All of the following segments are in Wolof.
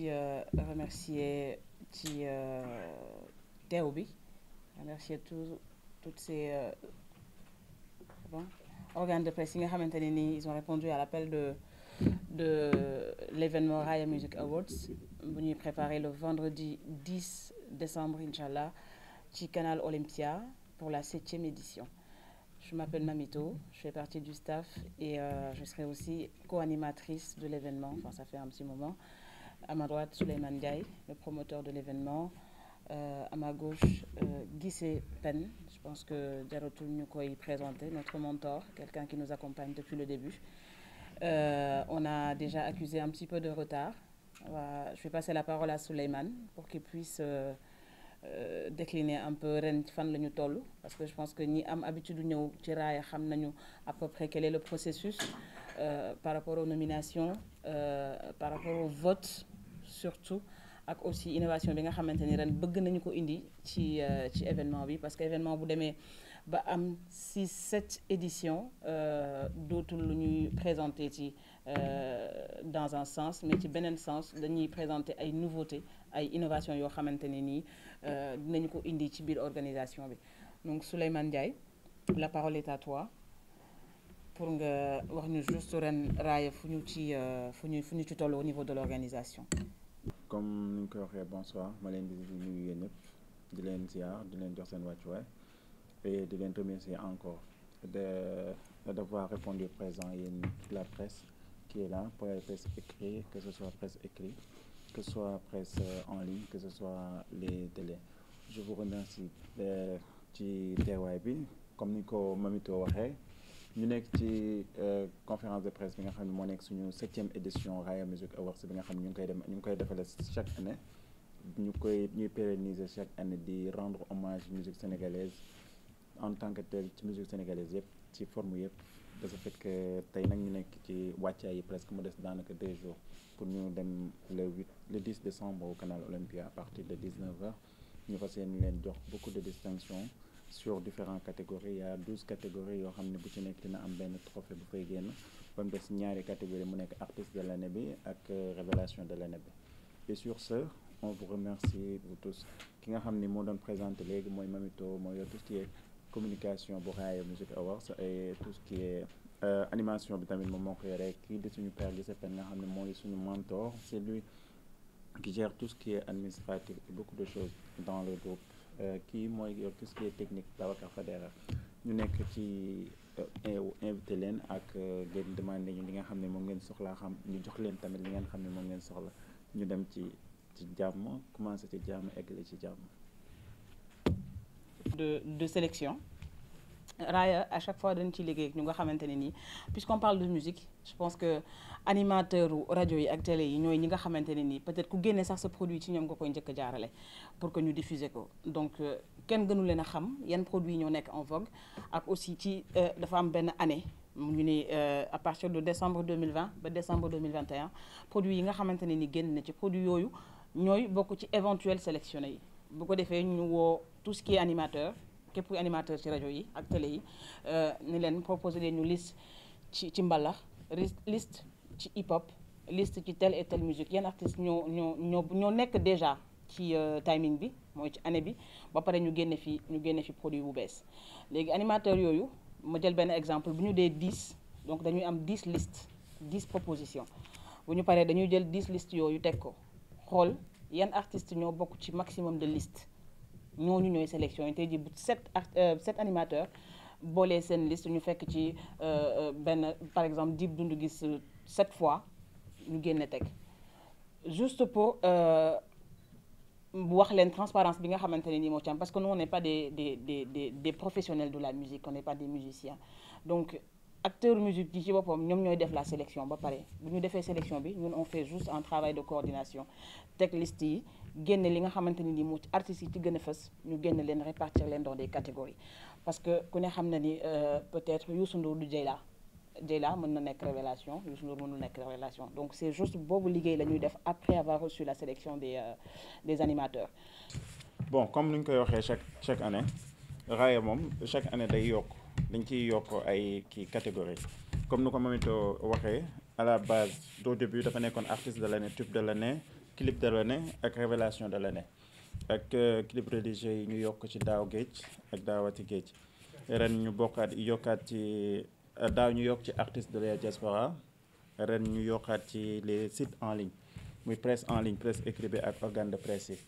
di euh, remercier ci euh, teew bi remercier tout toutes euh, bon organes de presse yi nga xamante ne nii ils ont répondu à l'appel de de l'événement Raaya Music Awards bu ñuy préparé le vendredi 10 décembre inchallah ci Canal Olympia pour la septième édition je m'appelle Mamito je fais partie du staff et je serai aussi co de l'événement enfin ça fait un petit moment À ma droite, Souleymane Ndiaye, le promoteur de l'événement. Euh, à ma gauche, euh, Guy Pen, je pense que Diarotul nous présenter, notre mentor, quelqu'un qui nous accompagne depuis le début. Euh, on a déjà accusé un petit peu de retard. Voilà. Je vais passer la parole à Souleymane pour qu'il puisse euh, euh, décliner un peu ren fan la lañu toll parce que je pense que ñi am habitude ñëw ci raaya xam nañu à peu près quel est le processus par rapport aux nominations par rapport au vote surtout ak aussi innovation bi nga xamante ni ren bëgg nañu ko indi ci euh, ci événement bi parce que événement bu demee ba am si sept édition euh, dootul lu ñuy présenter ci euh, dans un sens mais ci beneen sens dañuy présenter ay nouveautés ay innovation yoo xamante ne nii dinañu ko indi ci biir organisation bi donc Souleymane Ndiaye la parole est à toi pour nga wax ñu juste ren raaya fu ñu ci fu ñu fu ñu ci toll au niveau de l'organisation comme ni ñu koy waxee bonsoir ma leen di nuyu yéen di leen ziar di leen jox seen wàccuwaay et di leen remercier encore de d'avoir répondu présent yéen la presse qui est là pour presse écrite que ce soit presse écrite que ce soit presse euh, en ligne que ce soit les télés je vous remercie euh, ci teewaay bi comme ni ko Mamito waxee. ñu nekk ci euh, conférence de presse bi nga xam ne moo nekk suñu septième édition Raaya Music Awards bi nga xam ne ñu ngi koy dem ñu ngi koy defalee chaque année ñu koy ñuy pérenniser chaque année di rendre hommage musique sénégalaise en tant que tel ci musique sénégalaise yëpp ci forme yëpp de ce tey nag ñu nekk ci wàccaay yi presque mu des daanaka deux jours pour ñu dem le huit le dix décembre au canal Olympia à partir de dix neuf heures ñu fas yéene leen jox beaucoup de distinctions sur différentes catégories y a douze catégories yoo xam ne bu ci nekk dina am benn trophée bu fay génn ba mu ñaari catégorie mu nekk artiste de l'année bi ak euh, révélation de l'année bi et sur ce on vous remercie vous tous ki nga xam ni moo doon présenté léegi mooy Mamito mooy yor tout ce qui communication bu Raaya Music Awards et tout ki qui euh, animation bi tamit moom moo ko yore kii di suñu père Lissa Pène nga xam ne mooy suñu mentor c'est lui qui gère tout ce qui administratif de choses dans le Euh, kii mooy yor tout ce qui est technique Babacar Fadera ñu nekk ci euh, invité leen ak euh, ngeen demandé ñu li nga xam ne moom ngeen soxlaa xam ñu jox leen tamit li ngeen xam ne moom ngeen soxla ñu dem ci ci jàmm commencé ci jàmm eggale ci jàmm. de de sélection. Raya à chaque fois dañ ciy liggéey ñu nga xamante ne nii puisqu'on parle pense que animateur rajo yi ak yi ñooy ñi nga xamante ne nii peut-être ku génne sax sa produit ci ñoom nga koy njëkk jaarale pour que ñu diffuser ko donc euh, kenn gënu leen a xam yan produit ñoo nekk en vogue ak aussi ci euh, dafa am benn année ñu ni euh, à partir de décembre 2020 ba décembre 2021 produits yi nga xamante ne ni génn na ci produit yooyu ñooy bokk ci éventuels sélectionnés yi bu ko defee ñu woo tout ce qui animateur képp kuy animateur ci rajo yi ak télé yi euh, ni leen proposé leen ñu liste ci ci mbalax list ci hip hop liste ci telle et telle musique yenn artistes ñoo ñoo ñoo ñoo nekk déjà ci euh, timing bi mooy ci année bi ba pare ñu génne fi ñu génne fi produit bu bees léegi animateur yooyu ma jël benn exemple bu ñu dee dis donc dañuy am 10 listes 10 propositions bu ñu paree dañuy jël 10 listes yooyu teg ko xool yan artistes ñoo bokk ci maximum de liste ñooñu ñooy sélection yi tey jii bu sept art euh, sept animateurs boolee seen liste ñu fekk ci euh, euh, benn par exemple Dip Doundou gis sept fois ñu génne teg juste pour wax leen transparence bi nga xamante ne nii moo ci parce que nous on n'est pas des des des des des de la musique on ne pas des musiciens donc acteurs musique yi ci boppam ñoom ñooy def la sélection ba pare bu ñu defee sélection bi ñun on fait juste un travail de coordination teg liste yi. génne li nga xamante ne ni moo ci artistes yi ci gën a fës ñu génne leen répartir leen dans des catégories parce que ku ne xam na ni euh, peut-être Youssou Ndour du Dieyla Dieyla mën na nekk révélation Youssou Ndour mënul nekk révélation donc c'est juste boobu liggéey la ñuy def après avoir reçu la sélection des euh, bon comme ni ñu koy waxee chaque chaque année raaya moom chaque année day yokk dañ ciy yokk ay kii catégories comme nu ko Mamito waxee à la base au début dafa nekkoon artiste de l'année tube clip de ne ak révélation de l'année ak euh, clip religieux yi ñu yokk ci daaw géej ak daawati géej ren ñu bokkaat yokkaat ci euh, daaw ñu yokk ci artistes de la diaspora ren ñu yokkaat ci les sites en ligne muy presse en ligne presse écrite bi ak organe de presse yi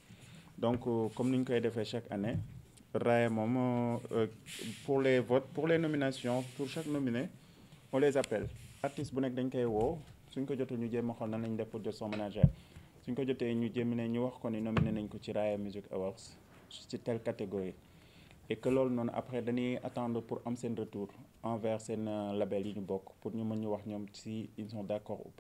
donc euh, comme ni ñu koy defee chaque année Raaya moom pour les votes pour les nominations pour chaque nominé on les appelle artiste bu nekk dañ koy woo suñ ko jotul ñu jéem a na nan lañ def pour jot son manager suñ ko jotee ñu jéem ne ñu wax ko ni nominé nañ ko ci Raaya Music Awards ci tel catégorie et loolu noonu après dañuy attendre pour am seen retour envers seen euh, label yi ñu bokk pour ñu mën ñu wax ñoom si ils sont d'accord ou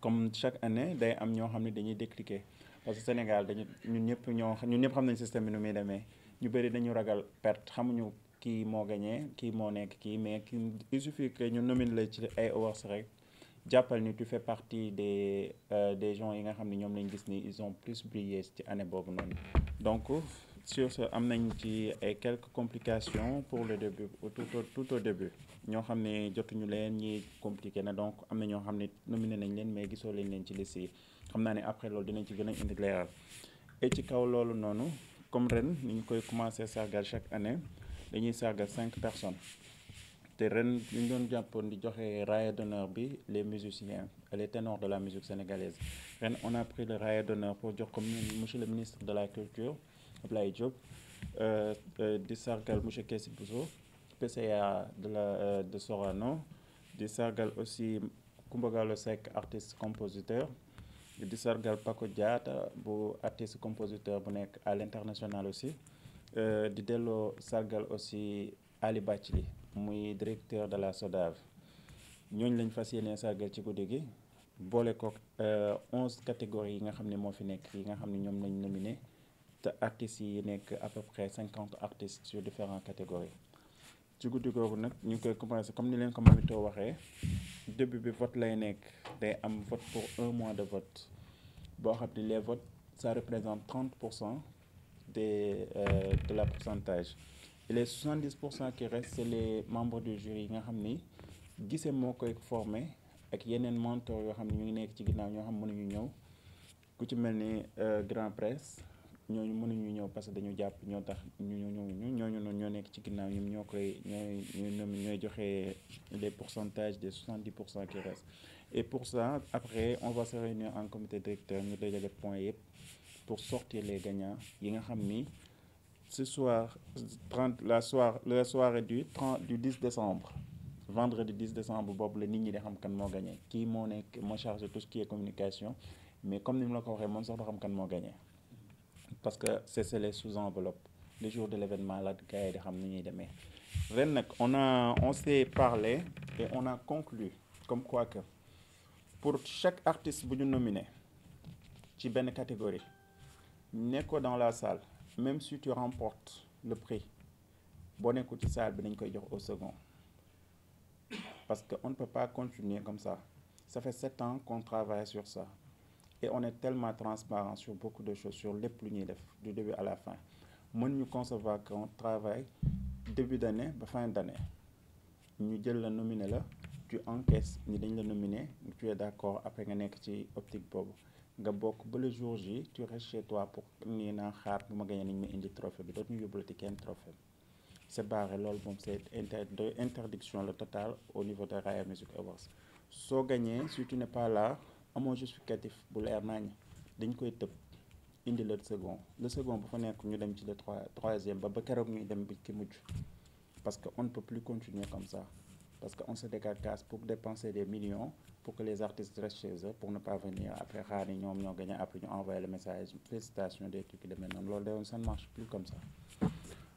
comme chaque année day am ñoo xam ne dañuy décliquer parce que Sénégal dañu ñun ñëpp ñoo ñun ñëpp xam nañ système bi nu muy demee ñu bëri dañu ragal perte xamuñu kii moo gagné kii moo nekk kii mais il suffit que ñu nomine la ci ay awards rek jàppal ni tu fais partie des euh, des gens yi nga xam ne ñoom lañ gis ni ils ont plus brillé ci année boobu noonu donc sur ce am nañ ci ay quelques complications pour le début tout au tout au début ñoo xam ne jotuñu leen ñi compliqué na donc am na ñoo xam ne nominé nañ leen mais gisoo lañ leen ci liste yi xam naa ne après loolu dinañ ci gën a indi leeral et ci kaw loolu noonu comme ren ni ñu koy commencé sargal chaque année dañuy sargal cinq personnes ren ñu doon jàppoon di joxe raaya d'honneur bi les musiciens et les ténors de la musique sénégalaise ren on a pris le raaya d'honneur pour jox ko monsieur le ministre de la culture lay Diop euh, euh, di sargal monsieur Kessi Bousso PCA de la euh, de Sorano di sargal aussi Coumba Gawlo Seck artiste compositeur di sargal Paco jaata bu artiste compositeur bu nekk à l'international aussi di delloo sargal aussi Ali Bathily muy directeur de la SODAV ñooñu lañ fas yéene sargal ci guddi gi boole ko euh, onze catégories yi nga xam ne moo fi nekk yi nga xam ne ñoom lañu nominé te artistes yi nekk à peu près cinquante artistes sur différentes catégories ci guddi googu nag ñu ngi koy commencé comme ni leen ko Mamito waxee début bi vote lay nekk day am vote pour un mois de vote boo xam ne les votes ça représente 30 pour cent de euh, de la pourcentage et les 70 pour cent qui restent c'est les membre du jury yi nga xam ni gise moo koy formé ak yeneen mentor yoo xam ne ñu ngi nekk ci ginnaaw ñoo xam mënuñu ñëw ku ci mel ni euh, grand presse ñooñu mënuñu ñëw parce que dañu jàpp ñoo tax ñu ñu ñu ñooñu noonu ñoo nekk ci ginnaaw ñoom ñoo koy ñooy ñooy joxe les pourcentages des 70 pour cent qui restent et pour ça après on va se réunir en comité directeur ñu dajale point yëpp pour sortir les gagnants yi nga xam ni. ce soir, prendre la soirée, la soirée du 30, du 10 décembre. vendredi 10 décembre boobu la nit ñi di xam kan moo gagné kii moo nekk moo chargé tout ce qui est communication mais comme ni mu la ko waxee moom sax xam kan moo gagné parce que c'est les sous enveloppe le jour de l'événement la gars yi di xam ni ñuy demee. ren nag on a on s'est parlé et on a conclu comme quoi que pour chaque artiste bu ñu nominé ci benn catégorie ne dans la salle. même si tu remportes le prix boo nekkul ci salle bi dañ koy jox au second parce que on ne peut pas continuer comme ça ça fait sept ans qu'on travaille sur ça et on est tellement transparent sur beaucoup de choses sur lépp lu ñuy def du début à la fin mën ñu concevoir qu'on travaille début d'année ba fin d'année ñu jël la nominé la tu encaisses ñi dañ la nominé tu es d'accord après nga nekk ci optique boobu nga bokk ba le jour J tu restes chez pour nii naa xaar bu ma gañee nañ ma indi trophée bi dootuñu yóbbulati kenn trophée c'est barré loolu moom c'est interdiction la totale au niveau de Raaya Music Awards soo gañee si tu n'es pas là amoo justificatif bu leer nañ dañ koy tëb indi le second le second bu fa nekk ñu dem ci le trois troisième ba ba keroog ñuy dem bi ki mujj parce que on ne peut plus continuer comme ça parce que on se décarcasse pour dépenser des millions pour que les artistes restent chez eux pour ne pas venir après xaar ni ñoom ñoo gagné après ñu envoyé le message félicitations des trucs de maintenant loolu dayoon ça ne marche plus comme ça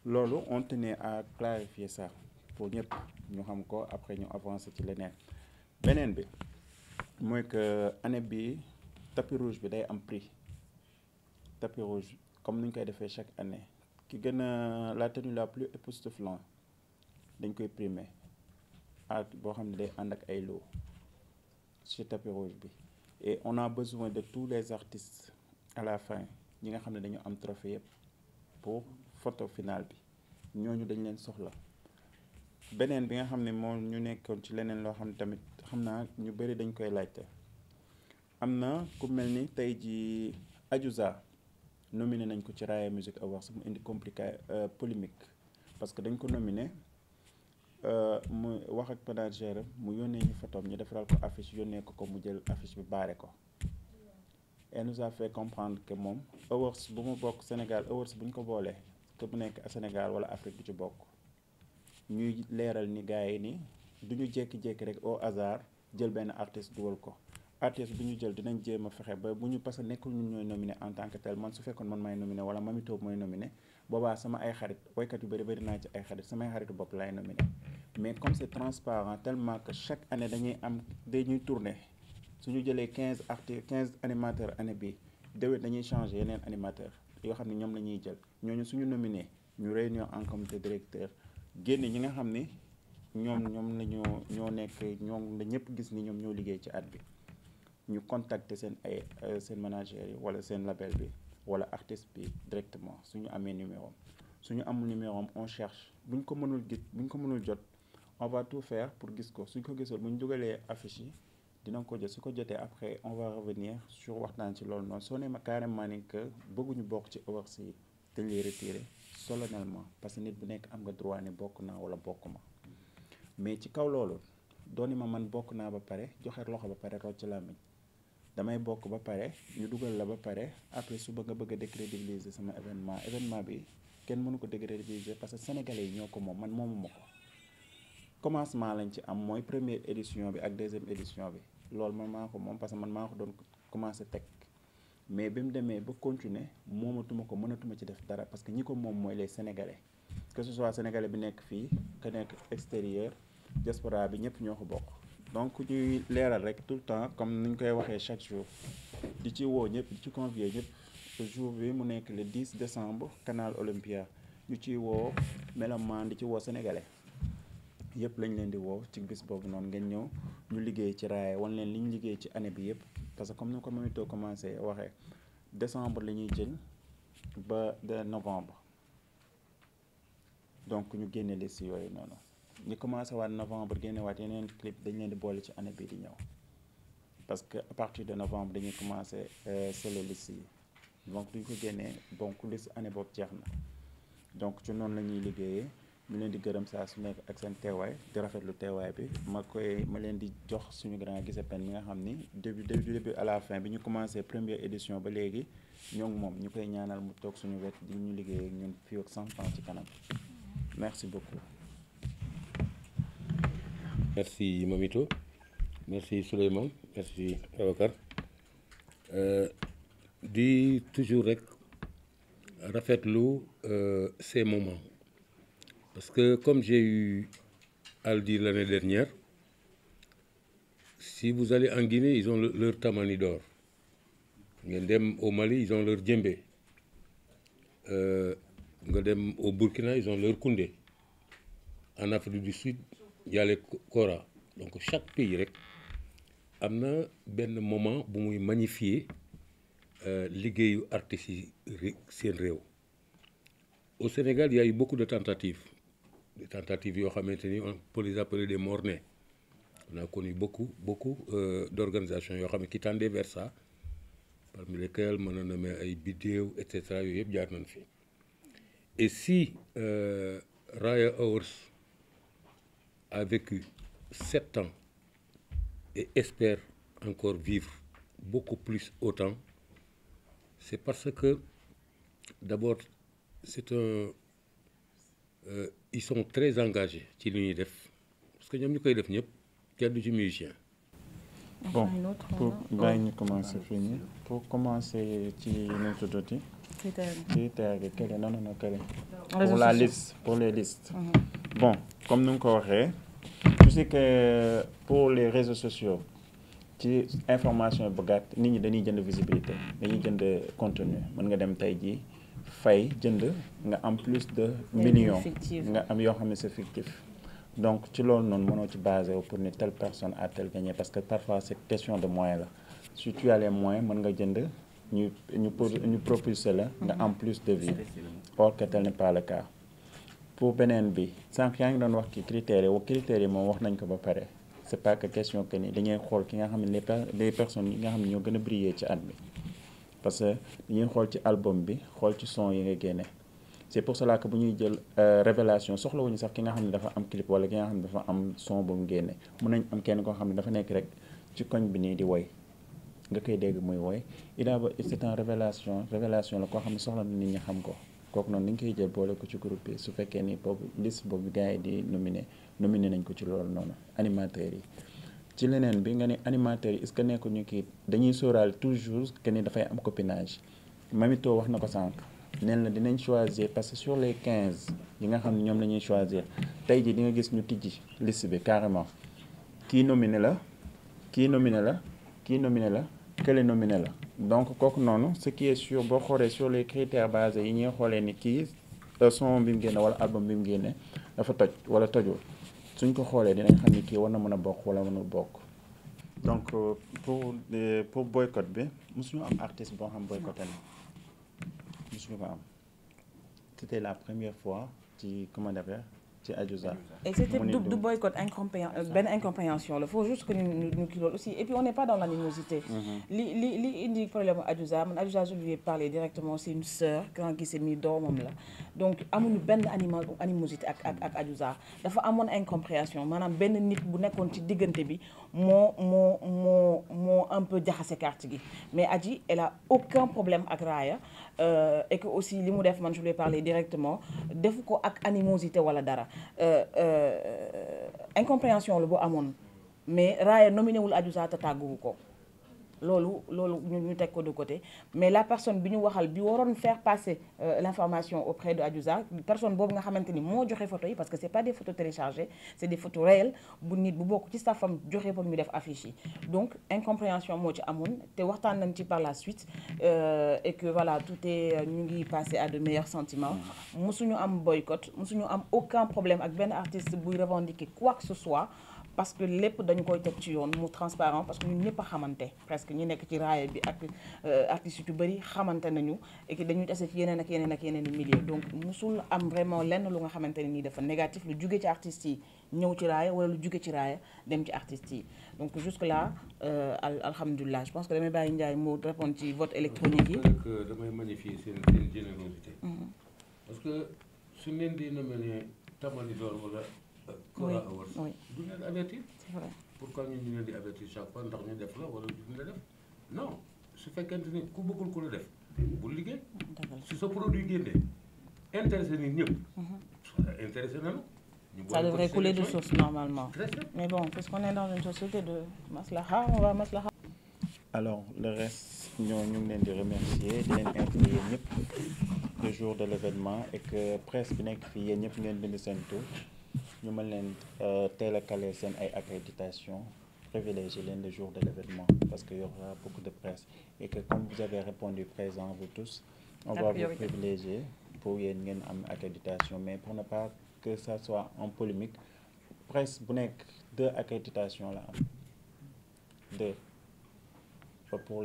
loolu on tenait à clarifier sax pour ñëpp ñu xam ko après ñu avancer ci leneen beneen bi mooy que année bi tapis rouge bi day am prix tapis rouge comme ni ñu koy defee chaque année ki gën a la tenue la plus te époustouflante dañ koy primer ak boo xam ne day ànd ak ay lots ci tapis rouge bi et on a besoin de tous les artistes à la fin ñi nga xam ne dañu am trophée yëpp pour photo finale bi ñooñu dañ leen soxla beneen bi nga xam ne moom ñu nekkoon ci leneen loo xam ne tamit xam naa ñu bëri dañ koy laajte am na ku mel ni tey ji Adiouza nominé nañ ko ci Raaya Music Awards mu indi compliqué euh, polémique parce que dañ ko nominé Euh, mu wax ak manager mu yónnee ñu photom ñu defaral ko affiche yónnee ko ko mu jël affiche bi baare ko elle nous a fait comprendre que moom awards bu mu bokk Sénégal awards bu ñu ko boolee que mu nekk Sénégal wala Afrique du ci bokk ñuy leeral ni gars yi ni du ñu jékki-jékki rek o hasard jël benn artiste dugal ko artiste bi ñu jël dinañ jéema fexe ba bu ñu parce que nekkul ñun ñooy nominé en tant que tel man su fekkoon man maay nominé wala Mamy mooy nominé boobaa sama ay xarit waykat yu bëri bëri naa ci ay xarit samay xaritu bopp laay nominé mais comme c'est transparent tellement que chaque année dañuy am dañuy su ñu jëlee quinze artistes quinze animateurs année bi déwét dañuy changer yeneen animateur yoo xam ne ñoom la ñuy jël ñooñu suñu nominé ñu réunion en comité directeur génne ñi nga xam ne ñoom ñoom la ñoo ñoo nekk ñoom ñëpp gis ni ñoom ñoo liggéey ci at bi ñu contacter seen ay euh, seen manager yi wala seen label bi wala artiste bi directement suñu amee numéro suñu amul numéro on cherche buñ ko mënul gis buñ ko mënul jot on va tout pour gis ko suñ ko gisul buñ dugalee affiche yi dinañ ko jot su ko jotee après on va revenir sur waxtaan ci loolu noonu soo nee ma carrément ni que bëgguñu bokk ci awards te dañ lay retiré solennellement parce que nit bu nekk am nga droit ne bokk naa wala bokk ma mais ci kaw loolu dooni ma man bokk naa ba pare joxe loxo ba pare rocc làmmiñ damay bokk ba pare ñu dugal la ba pare après suba nga bëgg a décrédibiliser sama événement événement bi kenn mënu ko décrédibiliser parce que sénégalais yi ñoo ko moom man moomuma ko commencement lañ ci am mooy première édition bi ak deuxième édition bi loolu man maa ko moom parce que man maa ko doon commencé teg mais bi mu demee ba continuer moomatuma ko mënatuma ci def dara parce que ñi ko moom mooy les sénégalais que ce soit sénégalais bi nekk fii que nekk extérieur diaspora bi ñëpp ñoo ko bokk. donc ñuy leeral rek tout le temps comme ni ñu koy waxee chaque jour di ci woo ñëpp di ci convier ñëpp jour bi mu nekk le 10 décembre canal Olympia ñu ciy woo mélomane di ci woo sénégalais yëpp lañ leen di woo ci bis boobu noonu ngeen ñëw ñu liggéey ci raaya wan leen li ñu liggéey ci année bi yëpp parce que comme ni ko Mamito commencé waxee décembre la ñuy jël ba de novembre donc ñu génne les si yooyu noonu. ñu commencé waat novembre génne waat yeneen clip dañ leen di boole ci année bii di ñëw parce que à partir de novembre dañuy commencé euh, solo liste yi donc duñ ko génnee donc liste année boobu jeex na donc ci noonu la ñuy liggéeyee ñu leen di gërëm saa su nekk ak seen teewaay di rafetlu teewaay bi ma koy ma leen di jox suñu grand Guissé Péne mi nga xam ni début début début à la fin bi ñu commencé première édition ba léegi ñoo ngi moom ñu koy ñaanal mu toog suñu wet di ñu liggéeyee ñun fii ak cent ans ci kanam merci Merci Mamito. Merci Souleymane. Merci Abakar. Euh, di toujours rek rafet rafetlu euh, ces moments parce que comme j'ai eu à le dire l'année dernière si vous allez en Guinée ils ont leur tamani d'or ngeen dem au Mali ils ont leur djembé euh, nga dem au Burkina ils ont leur koundé en Afrique du Sud Yàlla Kora donc chaque pays rek am na benn moment bu muy magnifier euh, liggéeyu artistes yi seen réew au Sénégal il y a eu beaucoup de tentatives yoo xamante ni on peut les appeler des mornais on a connu beaucoup beaucoup euh, d'organisations yoo xam ne qui tendaient vers ça parmi lesquelles mën na nommer ay Bideew et yooyu yëpp jaar nañ fi et si euh, Raya Awards a vécu sept ans et espère encore vivre beaucoup plus autant, c'est parce que d'abord, c'est un... Euh, ils sont très engagés ci lu ñuy def parce que ñoom ñu koy def ñëpp kenn du ci musicien. Ah, bon pour ñu commencer fii nii ci la liste bon comme ni nga ko waxee tu sais que pour les réseaux sociaux ci information bu gàtt nit ñi dañuy jënd visibilité dañuy jënd contenu mën nga dem tey jii fay jënd nga am plus de millions nga am yoo xam ne c'est fictif donc ci loolu noonu mënoo ci basé pour ne telle personne a tel parce que parfois c'est question de moyens la si tu as les mën nga jënd ñu ñu ñu propulser la nga am plus de vie or que tel n'est pas le cas pour beneen bi sànq yaa ngi doon wax ci critères yi critères yi moom wax nañ ko ba pare c'est pas que question que ni dañuy xool ki nga xam ne les personnes yi nga xam ne ñoo gën a briller ci at bi parce que dañuy xool ci album bi xool ci son yi nga génne c'est pour cela que bu ñuy jël euh, révélation soxlawuñu sax ki nga xam ne dafa am clip wala ki nga xam ne dafa am son bu mu génne mun nañ am kenn koo xam ne dafa nekk rek ci koñ bi nii di woy nga koy dégg muy woy il a ba c'est une révélation révélation la koo xam ne soxla na nit ñi xam ko kooku noonu ni nga koy jël boole ko ci groupe bi su fekkee ni boobu liste boobu gars yi di nominé nominé nañ ko ci loolu noonu animateurs yi ci leneen bi nga ne animateurs yi ce que nekku ñu kii dañuy sóoraal toujours que ni dafay am copinage Mamito wax na ko sànq neen la dinañ choisir parce que sur les quinze yi nga xam ñoom la ñuy choisir tey jii di nga gis ñu tijji liste bi carrément kii nominé la kii nominé la kii nominé la kële nominé la donc kooku noonu ce qui est boo xoolee sur les critères basés yi ñuy xoolee ni kii euh, son bi mu génne wala album bi mu génne dafa toj wala tojul suñ ko xoolee dinañ xam ni kii war na mën a bokk wala mënul bokk. donc euh, pour euh, pour boycott bi mosuñu am artiste boo xam boycotté na mosuñu ko am c'était la première fois ci comment dire ci Adiouza et c'était du du boycott incompréhen euh, benn incompréhension la faut juste que ñu ñu kii loolu aussi et puis on n'est pas dans l'animosité mhm. li li li indi problème Adiouza man Adiouza je lui ai parlé directement c'est une sœur quand gisee mi doomam la donc amuñu benn anima animosité ak ak ak Adiouza dafa amoon incompréhension maanaam benn nit bu nekkoon ci diggante bi moo moo moo moo un peu jaxase carte gi mais Adji elle a aucun problème ak Raya Euh, et que aussi li mu def man je lui directement defu ko ak animosité wala dara euh, euh, incompréhension la bu amoon mais Raaya nominé wul Adiouza te tàgguwu ko. loolu loolu ñu teg ko de mais la personne bi ñu waxal bi waroon faire passer euh, l'information auprès de Adiouza personne boobu nga xamante ni moo joxe photo yi parce que c'est pas des photos téléchargées c'est des photos réelles bu nit bu bokk ci staffam joxe pour ñu def affiche yi donc incompréhension moo ci amoon te waxtaan nañ ci par la suite euh, et que voilà tout est euh, ñu ngi passé à de meilleurs sentiments mosuñu mm. am boycott mosuñu am aucun problème ak benn artiste buy revendiquer quoi que ce parce que lépp dañ koy teg ci yoon mu transparent parce que ñun ñëpp a xamante presque ñu nekk ci raaya bi ak euh, artistes yu bëri xamante nañu et que dañuy tase ci yeneen ak yeneen ak yeneen i milieu donc musul am vraiment lenn lu nga xamante ne nii dafa négatif lu jugee ci artistes yi ñëw ci raaya wala lu jugee ci raaya dem ci artistes yi donc jusque là euh, alhamdulilah je pense que damay bàyyi Ndiaye mu répondre ci vote électronique yi. damay magnifier seen seen générosité. Mm-hmm. parce que suñ leen di nommer tamani door wala. oui oui. du ñu leen di avertir. c'est vrai pourquoi ñu ñu leen di avertir chaque fois ndax ñu def la wala duñu la def non su fekkente ni ku bëggul ku la def bul liggéey. su sa produit génnee intéressé nit ñëpp. Mhm. intéressé na la. Ça devrait couler de source normalement. Mais bon, puisqu'on est dans une société de maslaha, on va maslaha. Alors, le reste, nous nous leen di remercier di leen invité yéen ñëpp le jour de l'événement et que presse bi nekk fii yéen ñëpp ngeen bind seen tur ñu mën leen euh, teel a caler seen ay accréditation privilégier leen le jour de l'événement parce qu'il y aura beaucoup de presse et que comme vous avez répondu présent vous tous on va vous privilégier pour yéen ngeen am accréditation mais pour ne pas que ça soit en polémique presse bu nekk deux accréditations la am deux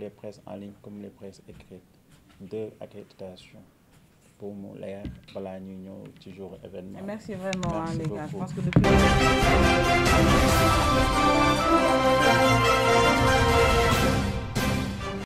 les presses en ligne comme les presses écrites deux accréditations pour mu leer balaa ñuy ñëw ci jour événement merci que